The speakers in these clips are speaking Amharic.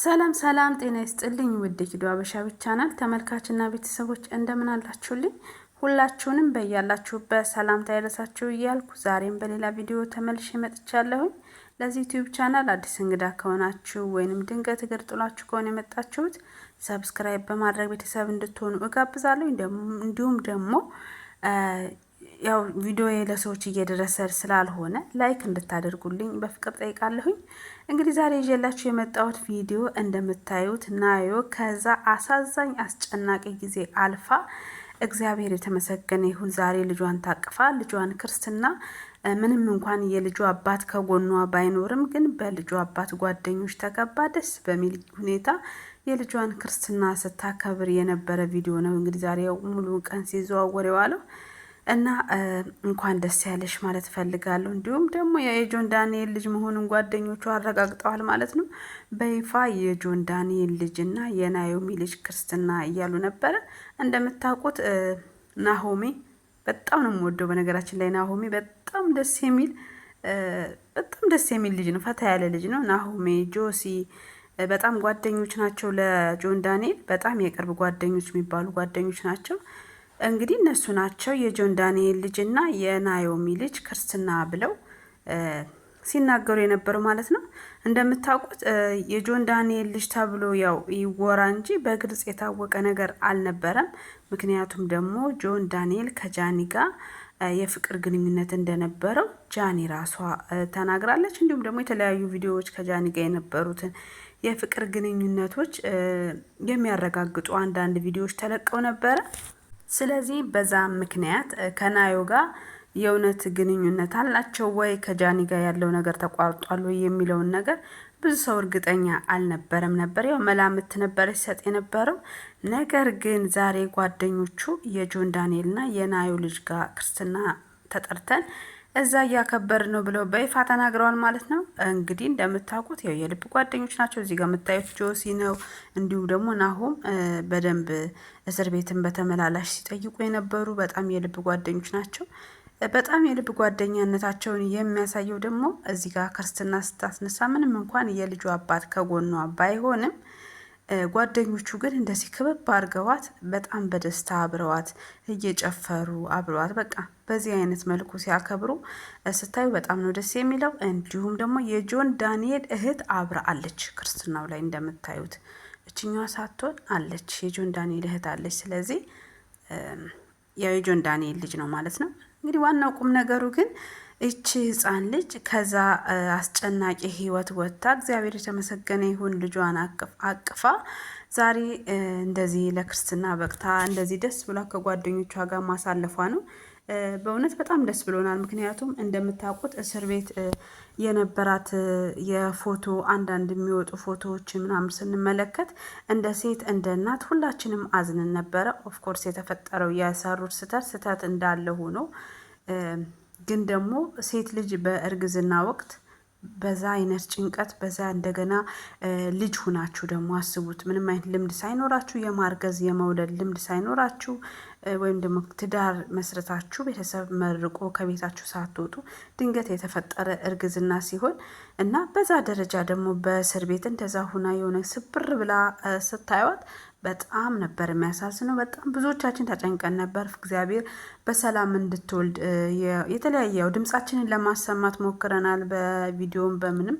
ሰላም ሰላም፣ ጤና ይስጥልኝ ውድ ጊዶ አበሻ ቻናል ተመልካችና ቤተሰቦች እንደምን አላችሁልኝ? ሁላችሁንም በያላችሁበት ሰላምታ ይድረሳችሁ እያልኩ ዛሬም በሌላ ቪዲዮ ተመልሼ መጥቻለሁኝ። ለዚህ ዩቲዩብ ቻናል አዲስ እንግዳ ከሆናችሁ ወይንም ድንገት እግር ጥሏችሁ ከሆነ የመጣችሁት ሰብስክራይብ በማድረግ ቤተሰብ እንድትሆኑ እጋብዛለሁ። እንዲሁም ደግሞ ያው ቪዲዮ ለሰዎች እየደረሰ ስላልሆነ ላይክ እንድታደርጉልኝ በፍቅር ጠይቃለሁኝ። እንግዲህ ዛሬ ይዤላችሁ የመጣሁት ቪዲዮ እንደምታዩት ናዮ ከዛ አሳዛኝ አስጨናቂ ጊዜ አልፋ እግዚአብሔር የተመሰገነ ይሁን ዛሬ ልጇን ታቅፋ ልጇን ክርስትና ምንም እንኳን የልጁ አባት ከጎኗ ባይኖርም ግን በልጁ አባት ጓደኞች ተከባ ደስ በሚል ሁኔታ የልጇን ክርስትና ስታከብር የነበረ ቪዲዮ ነው። እንግዲህ ዛሬ ሙሉ ቀን ሲዘዋወር የዋለው እና እንኳን ደስ ያለሽ ማለት እፈልጋለሁ። እንዲሁም ደግሞ የጆን ዳንኤል ልጅ መሆኑን ጓደኞቹ አረጋግጠዋል ማለት ነው። በይፋ የጆን ዳንኤል ልጅ እና የናዮሚ ልጅ ክርስትና እያሉ ነበረ። እንደምታውቁት ናሆሜ በጣም ነው የምወደው። በነገራችን ላይ ናሆሜ በጣም ደስ የሚል በጣም ደስ የሚል ልጅ ነው። ፈታ ያለ ልጅ ነው። ናሆሜ ጆሲ በጣም ጓደኞች ናቸው። ለጆን ዳንኤል በጣም የቅርብ ጓደኞች የሚባሉ ጓደኞች ናቸው። እንግዲህ እነሱ ናቸው የጆን ዳንኤል ልጅና የናዮሚ ልጅ ክርስትና ብለው ሲናገሩ የነበሩ ማለት ነው። እንደምታውቁት የጆን ዳንኤል ልጅ ተብሎ ያው ይወራ እንጂ በግልጽ የታወቀ ነገር አልነበረም። ምክንያቱም ደግሞ ጆን ዳንኤል ከጃኒ ጋር የፍቅር ግንኙነት እንደነበረው ጃኒ ራሷ ተናግራለች። እንዲሁም ደግሞ የተለያዩ ቪዲዮዎች ከጃኒ ጋር የነበሩትን የፍቅር ግንኙነቶች የሚያረጋግጡ አንዳንድ ቪዲዮዎች ተለቀው ነበረ። ስለዚህ በዛ ምክንያት ከናዮ ጋር የእውነት ግንኙነት አላቸው ወይ ከጃኒ ጋር ያለው ነገር ተቋርጧል ወይ የሚለውን ነገር ብዙ ሰው እርግጠኛ አልነበረም ነበር። ያው መላምት ነበረ ሲሰጥ የነበረው ነገር ግን ዛሬ ጓደኞቹ የጆን ዳንኤልና የናዮ ልጅ ጋር ክርስትና ተጠርተን እዛ እያከበር ነው ብለው በይፋ ተናግረዋል ማለት ነው። እንግዲህ እንደምታውቁት ያው የልብ ጓደኞች ናቸው። እዚህ ጋር የምታዩት ጆሲ ነው። እንዲሁም ደግሞ ናሆም በደንብ እስር ቤትን በተመላላሽ ሲጠይቁ የነበሩ በጣም የልብ ጓደኞች ናቸው። በጣም የልብ ጓደኛነታቸውን የሚያሳየው ደግሞ እዚህ ጋር ክርስትና ስታስነሳ ምንም እንኳን የልጁ አባት ከጎኗ ባይሆንም ጓደኞቹ ግን እንደዚህ ክበብ አድርገዋት በጣም በደስታ አብረዋት እየጨፈሩ አብረዋት በቃ በዚህ አይነት መልኩ ሲያከብሩ ስታዩ በጣም ነው ደስ የሚለው። እንዲሁም ደግሞ የጆን ዳንኤል እህት አብራ አለች ክርስትናው ላይ እንደምታዩት እችኛዋ ሳትሆን አለች፣ የጆን ዳንኤል እህት አለች። ስለዚህ የጆን ዳንኤል ልጅ ነው ማለት ነው። እንግዲህ ዋናው ቁም ነገሩ ግን እቺ ህፃን ልጅ ከዛ አስጨናቂ ህይወት ወጥታ እግዚአብሔር የተመሰገነ ይሁን ልጇን አቅፋ ዛሬ እንደዚህ ለክርስትና በቅታ እንደዚህ ደስ ብሏ ከጓደኞቿ ጋር ማሳለፏ ነው። በእውነት በጣም ደስ ብሎናል። ምክንያቱም እንደምታውቁት እስር ቤት የነበራት የፎቶ አንዳንድ የሚወጡ ፎቶዎች ምናምን ስንመለከት እንደ ሴት እንደ እናት ሁላችንም አዝንን ነበረ። ኦፍኮርስ የተፈጠረው የሰሩት ስህተት ስህተት እንዳለ ሆኖ ግን ደግሞ ሴት ልጅ በእርግዝና ወቅት በዛ አይነት ጭንቀት በዛ እንደገና ልጅ ሁናችሁ ደግሞ አስቡት። ምንም አይነት ልምድ ሳይኖራችሁ የማርገዝ የመውለድ ልምድ ሳይኖራችሁ ወይም ደግሞ ትዳር መስረታችሁ ቤተሰብ መርቆ ከቤታችሁ ሳትወጡ ድንገት የተፈጠረ እርግዝና ሲሆን እና በዛ ደረጃ ደግሞ በእስር ቤት እንደዛ ሁና የሆነ ስብር ብላ ስታዩት በጣም ነበር የሚያሳዝነው። በጣም ብዙዎቻችን ተጨንቀን ነበር። እግዚአብሔር በሰላም እንድትወልድ የተለያየው ድምጻችንን ለማሰማት ሞክረናል። በቪዲዮም በምንም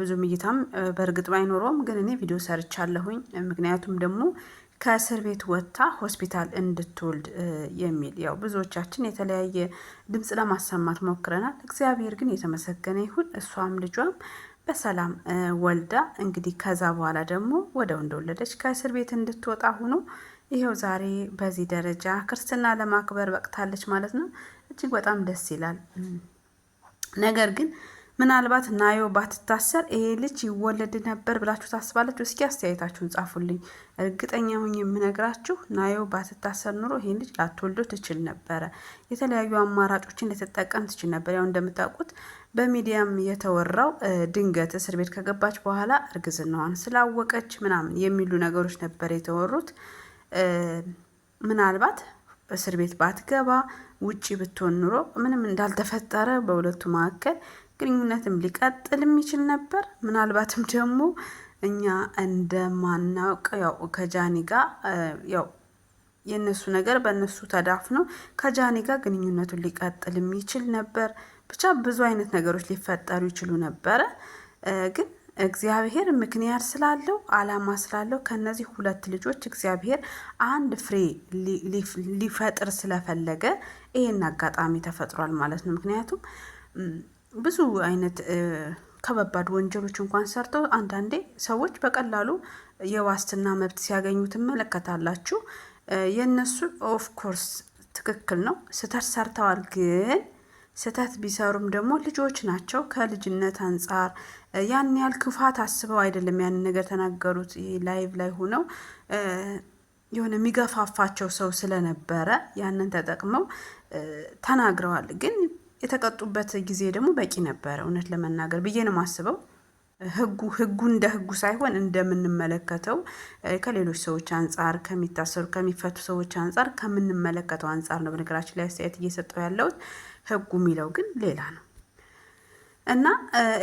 ብዙም እይታም በእርግጥ ባይኖረውም ግን እኔ ቪዲዮ ሰርቻለሁኝ። ምክንያቱም ደግሞ ከእስር ቤት ወጥታ ሆስፒታል እንድትወልድ የሚል ያው ብዙዎቻችን የተለያየ ድምፅ ለማሰማት ሞክረናል። እግዚአብሔር ግን የተመሰገነ ይሁን። እሷም ልጇም በሰላም ወልዳ እንግዲህ ከዛ በኋላ ደግሞ ወደው እንደወለደች ከእስር ቤት እንድትወጣ ሆኖ ይሄው ዛሬ በዚህ ደረጃ ክርስትና ለማክበር በቅታለች ማለት ነው። እጅግ በጣም ደስ ይላል። ነገር ግን ምናልባት ናዮ ባትታሰር ይሄ ልጅ ይወለድ ነበር ብላችሁ ታስባላችሁ? እስኪ አስተያየታችሁን ጻፉልኝ። እርግጠኛ ሆኜ የምነግራችሁ ናዮ ባትታሰር ኑሮ ይሄ ልጅ ላትወልዶ ትችል ነበረ። የተለያዩ አማራጮችን ልትጠቀም ትችል ነበር። ያው እንደምታውቁት በሚዲያም የተወራው ድንገት እስር ቤት ከገባች በኋላ እርግዝናዋን ስላወቀች ምናምን የሚሉ ነገሮች ነበር የተወሩት። ምናልባት እስር ቤት ባትገባ ውጪ ብትሆን ኑሮ ምንም እንዳልተፈጠረ በሁለቱ መካከል ግንኙነትም ሊቀጥል የሚችል ነበር። ምናልባትም ደግሞ እኛ እንደማናውቅ ያው ከጃኒ ጋር ያው የእነሱ ነገር በእነሱ ተዳፍኖ ከጃኒ ጋር ግንኙነቱን ሊቀጥል የሚችል ነበር። ብቻ ብዙ አይነት ነገሮች ሊፈጠሩ ይችሉ ነበረ ግን እግዚአብሔር ምክንያት ስላለው አላማ ስላለው ከነዚህ ሁለት ልጆች እግዚአብሔር አንድ ፍሬ ሊፈጥር ስለፈለገ ይሄን አጋጣሚ ተፈጥሯል ማለት ነው። ምክንያቱም ብዙ አይነት ከባባድ ወንጀሎች እንኳን ሰርተው አንዳንዴ ሰዎች በቀላሉ የዋስትና መብት ሲያገኙ ትመለከታላችሁ። የእነሱ ኦፍኮርስ ትክክል ነው፣ ስህተት ሰርተዋል። ግን ስህተት ቢሰሩም ደግሞ ልጆች ናቸው። ከልጅነት አንጻር ያን ያህል ክፋት አስበው አይደለም ያንን ነገር ተናገሩት። ይሄ ላይቭ ላይ ሆነው የሆነ የሚገፋፋቸው ሰው ስለነበረ ያንን ተጠቅመው ተናግረዋል። ግን የተቀጡበት ጊዜ ደግሞ በቂ ነበረ። እውነት ለመናገር ብዬ ነው የማስበው። ህጉ ህጉ እንደ ህጉ ሳይሆን እንደምንመለከተው ከሌሎች ሰዎች አንጻር ከሚታሰሩ ከሚፈቱ ሰዎች አንጻር ከምንመለከተው አንጻር ነው። በነገራችን ላይ አስተያየት እየሰጠው ያለሁት ህጉ የሚለው ግን ሌላ ነው እና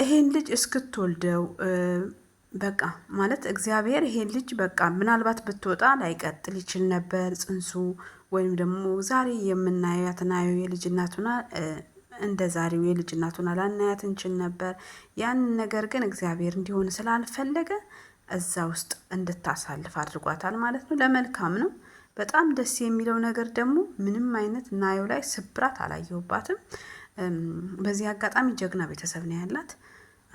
ይሄን ልጅ እስክትወልደው በቃ ማለት እግዚአብሔር ይሄን ልጅ በቃ ምናልባት ብትወጣ ላይቀጥል ይችል ነበር ጽንሱ ወይም ደግሞ ዛሬ የምናየው ናየው የልጅ እናቱና እንደ ዛሬው የልጅ እናቱን አላናያት እንችል ነበር። ያንን ነገር ግን እግዚአብሔር እንዲሆን ስላልፈለገ እዛ ውስጥ እንድታሳልፍ አድርጓታል ማለት ነው። ለመልካም ነው። በጣም ደስ የሚለው ነገር ደግሞ ምንም አይነት ናየው ላይ ስብራት አላየሁባትም። በዚህ አጋጣሚ ጀግና ቤተሰብ ነው ያላት።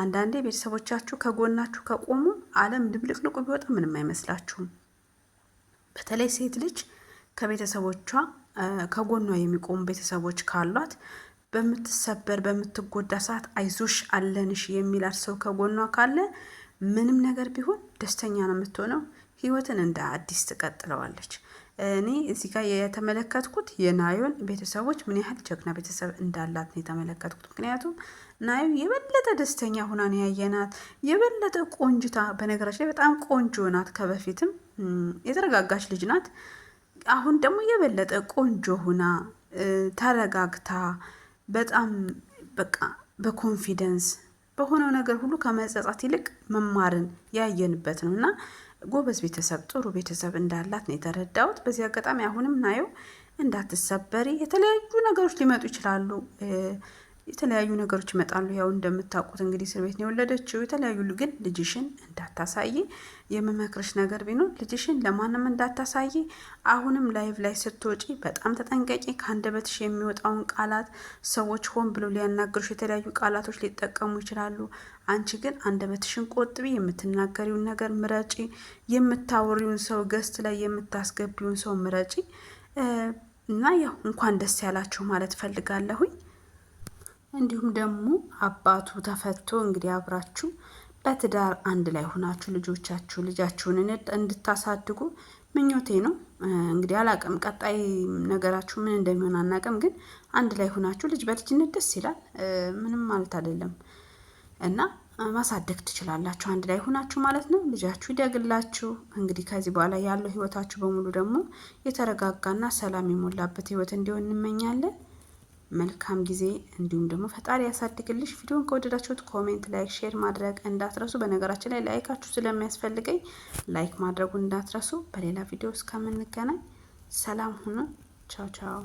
አንዳንዴ ቤተሰቦቻችሁ ከጎናችሁ ከቆሙ ዓለም ድብልቅልቁ ቢወጣ ምንም አይመስላችሁም። በተለይ ሴት ልጅ ከቤተሰቦቿ ከጎኗ የሚቆሙ ቤተሰቦች ካሏት በምትሰበር በምትጎዳ ሰዓት አይዞሽ አለንሽ የሚላት ሰው ከጎኗ ካለ ምንም ነገር ቢሆን ደስተኛ ነው የምትሆነው። ህይወትን እንደ አዲስ ትቀጥለዋለች። እኔ እዚህ ጋር የተመለከትኩት የናዮን ቤተሰቦች ምን ያህል ጀግና ቤተሰብ እንዳላት ነው የተመለከትኩት። ምክንያቱም ናዮ የበለጠ ደስተኛ ሁና ነው ያየናት፣ የበለጠ ቆንጅታ። በነገራችን ላይ በጣም ቆንጆ ናት። ከበፊትም የተረጋጋች ልጅ ናት። አሁን ደግሞ የበለጠ ቆንጆ ሁና ተረጋግታ በጣም በቃ በኮንፊደንስ በሆነው ነገር ሁሉ ከመጸጻት ይልቅ መማርን ያየንበት ነው እና ጎበዝ ቤተሰብ ጥሩ ቤተሰብ እንዳላት ነው የተረዳሁት። በዚህ አጋጣሚ አሁንም ናየው እንዳትሰበሪ፣ የተለያዩ ነገሮች ሊመጡ ይችላሉ። የተለያዩ ነገሮች ይመጣሉ። ያው እንደምታውቁት እንግዲህ እስር ቤት ነው የወለደችው። የተለያዩ ግን ልጅሽን እንዳታሳይ የምመክርሽ ነገር ቢኖር ልጅሽን ለማንም እንዳታሳይ፣ አሁንም ላይቭ ላይ ስትወጪ በጣም ተጠንቀቂ። ከአንደበትሽ የሚወጣውን ቃላት ሰዎች ሆን ብሎ ሊያናግሩሽ የተለያዩ ቃላቶች ሊጠቀሙ ይችላሉ። አንቺ ግን አንደበትሽን ቆጥቢ፣ የምትናገሪውን ነገር ምረጪ፣ የምታወሪውን ሰው ገስት ላይ የምታስገቢውን ሰው ምረጪ እና ያው እንኳን ደስ ያላችሁ ማለት ፈልጋለሁኝ። እንዲሁም ደግሞ አባቱ ተፈቶ እንግዲህ አብራችሁ በትዳር አንድ ላይ ሆናችሁ ልጆቻችሁ ልጃችሁን እንድታሳድጉ ምኞቴ ነው። እንግዲህ አላቅም፣ ቀጣይ ነገራችሁ ምን እንደሚሆን አናቅም። ግን አንድ ላይ ሆናችሁ ልጅ በልጅነት ደስ ይላል፣ ምንም ማለት አይደለም እና ማሳደግ ትችላላችሁ፣ አንድ ላይ ሆናችሁ ማለት ነው። ልጃችሁ ይደግላችሁ። እንግዲህ ከዚህ በኋላ ያለው ህይወታችሁ በሙሉ ደግሞ የተረጋጋና ሰላም የሞላበት ህይወት እንዲሆን እንመኛለን። መልካም ጊዜ እንዲሁም ደግሞ ፈጣሪ ያሳድግልሽ። ቪዲዮን ከወደዳችሁት ኮሜንት፣ ላይክ፣ ሼር ማድረግ እንዳትረሱ። በነገራችን ላይ ላይካችሁ ስለሚያስፈልገኝ ላይክ ማድረጉ እንዳትረሱ። በሌላ ቪዲዮ እስከምንገናኝ ሰላም ሁኑ። ቻው ቻው።